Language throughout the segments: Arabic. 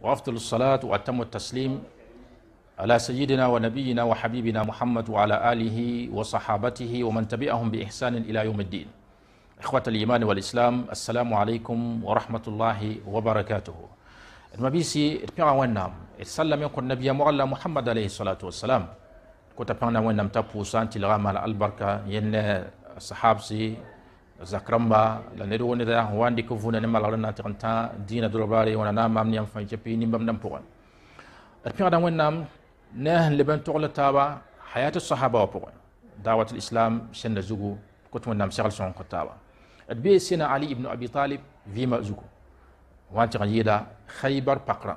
وأفضل الصلاة وأتم التسليم على سيدنا ونبينا وحبيبنا محمد وعلى آله وصحابته ومن تبعهم بإحسان إلى يوم الدين إخوة الإيمان والإسلام السلام عليكم ورحمة الله وبركاته المبيسي اتبعا ونام اتسلم يكون نبي مغلى محمد عليه الصلاة والسلام كنت اتبعنا ونام تبو سانتي الغامة البركة ين صحابسي zakramba la ne wone da wandi ko vuna ne malare na tiranta dina dolobare wona na mam niam fan pe ni mam dam pogan at pira dan wonnam ne le ben tokle taba hayat sahaba pogan dawat islam da zugu ko to nam shagal son ko taba at be sina ali ibn abi talib vima zugu wan tiran yida khaybar pakra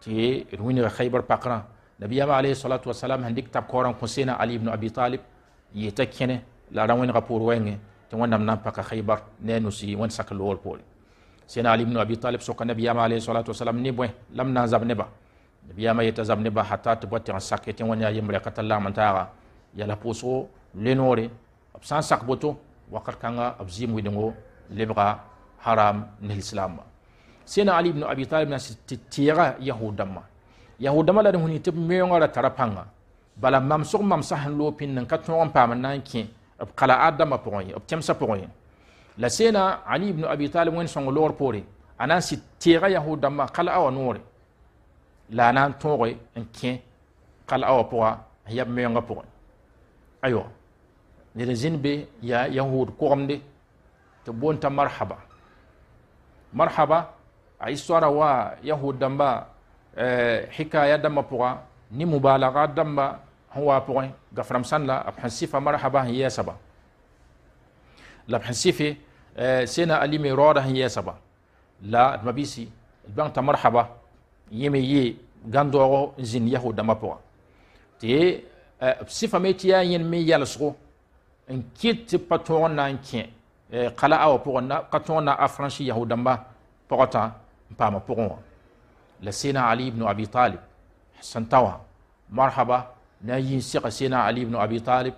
ti ruini khaybar pakra nabiyama alayhi salatu wassalam handik tab koran ko sina ali ibn abi talib yita la ran wen rapport wenge tɩ wẽnnaam na n paka khaybar ne a nusi wẽnd sak loogr poore sẽna ali ibnu abi talib sõka nabiyaama alayhi salatu wasalam ne bõe lam na n zab neba nabiyaama yeta zab neba hata tɩ bɔ tẽg n sak tɩ wẽnd yaa yembrɛka t'a laam n taaga yala pʋʋsgo lenoore b sã n sak boto wakat kãnga b zɩɩm wɩdengo lebga haram ne lislaamba sẽna ali ibnu abi talib na tɩ teega yahud dãmbã yahud dãmbã la d fõni tɩ b meoongã bala mamsg mamsa sẽn loog pĩnd n ka tõog n paam n b kala adama pʋgẽ ye b tẽmsã pʋgẽ ye la sẽena ali ibnu abi talib wẽn-sõng loor poore a na n sɩd teega yahud dãmbã kala awa noore la a na n tõoge n kẽ kala awa pʋga n yab meoongã pʋgẽ aywa ned n zĩnd be yaa yahud kogemde tɩ boon t'a marhaba marhaba a histoara wa yahud dãmba hikaya dãmbã pʋga ne mubalaga dãmba هو بوين غفرم سنلا أبحسي مرحبا هي سبا لابحسي في آه، سينا ألي مرارا هي سبا لا المبيسي البان مرحبا يمي يي غاندوغو زين يهو دم أبوين تي بصفة آه، ميتيا ينمي يالسغو إن كيت باتوغنا إن كين آه، او وبوغنا قطوغنا أفرانشي يهو دم بغتا بام أبوين لسينا علي بن أبي طالب حسن توا مرحبا نيين سيقى سينا علي بن أبي طالب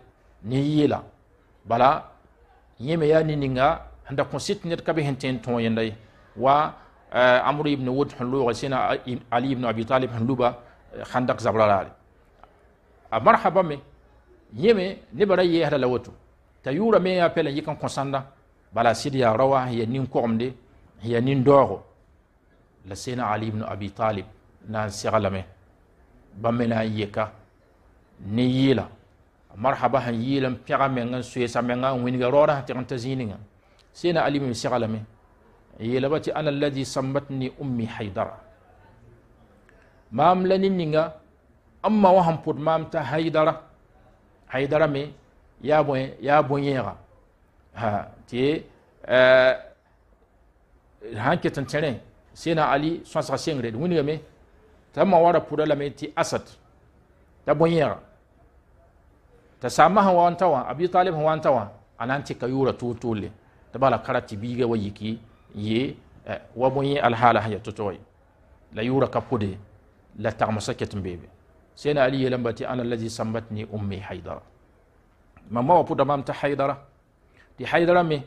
نييلا بلا يميا نينيغا هندا كون سيت نير هنتين تون ينداي و أمر آه، ابن ود حلو غسينا علي بن أبي طالب حلوبا آه، خندق زبرالالي آه، مرحبا مي يمي نبرا يهر لوتو تيورا مي أبلا يكن كونساندا بلا سيديا روا هي نين كوم هي نين دورو لسينا علي بن أبي طالب نان سيغلمي بامنا يكا ne yɩɩla marhaba sẽn yɩɩl n pɛga menga n soeesa menga n wĩnga raoora tɩg n ta zĩig sẽna alim me seglame n yeelame tɩ ana alladi sammatni ummi haidara maam la ne ninga n ma wã sẽn pʋd maam t'a haidara haidara me yaa bõe yaa bõe-yẽega tɩ sãn ket n tẽrẽ sẽna ali sõsg sengre d wingame t'a ma wa ra pʋda lame tɩ asad t'a bõe-yẽega تسامح هو أن توا أبي طالب هو أن توا أنا أنت كيورة تول تول تبالا كرات بيجا ويكي يي اه وبني الحالة هي تتوي لا يورا كبودي لا تعمسك تنبيب سين علي لمبتي أنا الذي سمتني أمي حيدرة ما ما وبود ما أنت حيدرة مي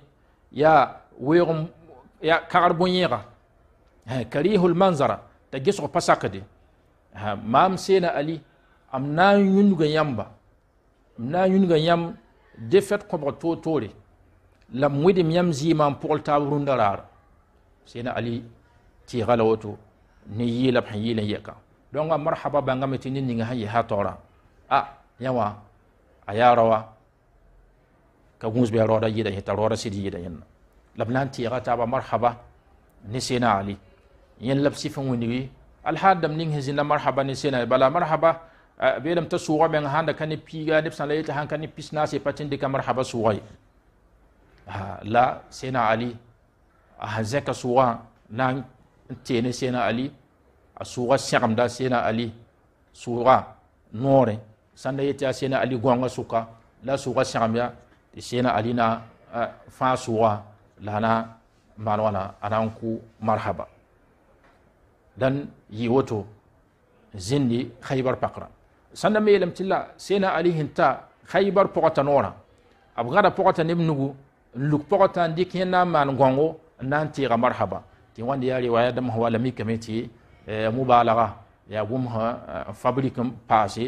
يا ويرم يا كاربونيرا كريه المنظرة تجسر بساقدي ها مام علي أم نان ينجو ينبا na yũnga yãmb defɛt kõbg toor-toore la m wɩdm yãmb zɩɩmã n pʋgl taab rũndã raara sẽna ali tɩɩga la woto ne yɩɩla b sẽn yɩɩl n yɛka donc a marhaba bãngame tɩ ne ninga sẽn yɩsa taoorã a yã wã a yaa ra ah, wa ka gũus bɩ a raooda yɩɩda yẽ t'a raooda sɩd yɩɩda yẽnna la b na n tɩɩga taaba marhaba ne sẽna ali yẽn la b sɩf n wĩndgi alhaadam ning sẽn zĩnda marhaba ne sẽna bala marhaba Ah, beelame t'a sʋʋga bɛng sãnda ka ne piiga neb sã la yetɩ kani ka ne pis naase pa tẽn dɩka marhaba sʋʋga ye la sẽna ali ah, a sãn ka sʋʋgã na n teene sẽna ali a sʋʋga sẽgemda sẽna ali sʋʋga noore sãn la ta yaa sẽna ali gõnga suka la a sʋʋga ya tɩ sẽna ali na ah, fa sʋʋga la a na maan wãna a marhaba dan yi woto zindi khaybar pakrã sanda me yelam tilla sena ali hinta khaybar pogota nora ab gada pogota nemnugu luk pogota ndik yena man gongo nan tira marhaba ti wandi ya riwaya da mahwala mi kameti mubalaga ya gum ha fabrique passé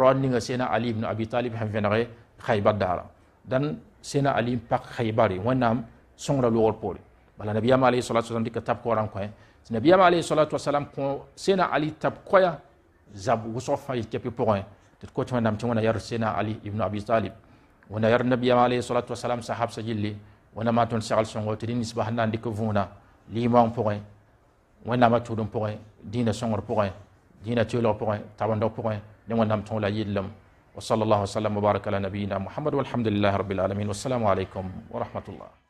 rodninga sena ali ibn abi talib han venare khaybar dara dan sena ali pak khaybari wanam songra lor pore bala nabiyama alayhi salatu wasallam dikka tab ko ran ko nabiyama alayhi salatu wasallam ko sena ali tab koya زاب وصفا يكبي بوين تكوت من نمتي ونا ير سينا علي ابن ابي طالب ونا ير النبي عليه الصلاه والسلام صحاب سجلي ونا ما تون سال سون غوتي نسبه نان ديك فونا لي مون بوين ونا ما تودون بوين دين سون غور بوين دين تيلو بوين تابون دو بوين نمو نمتون لا يدلم وصلى الله وسلم وبارك على نبينا محمد والحمد لله رب العالمين والسلام عليكم ورحمه الله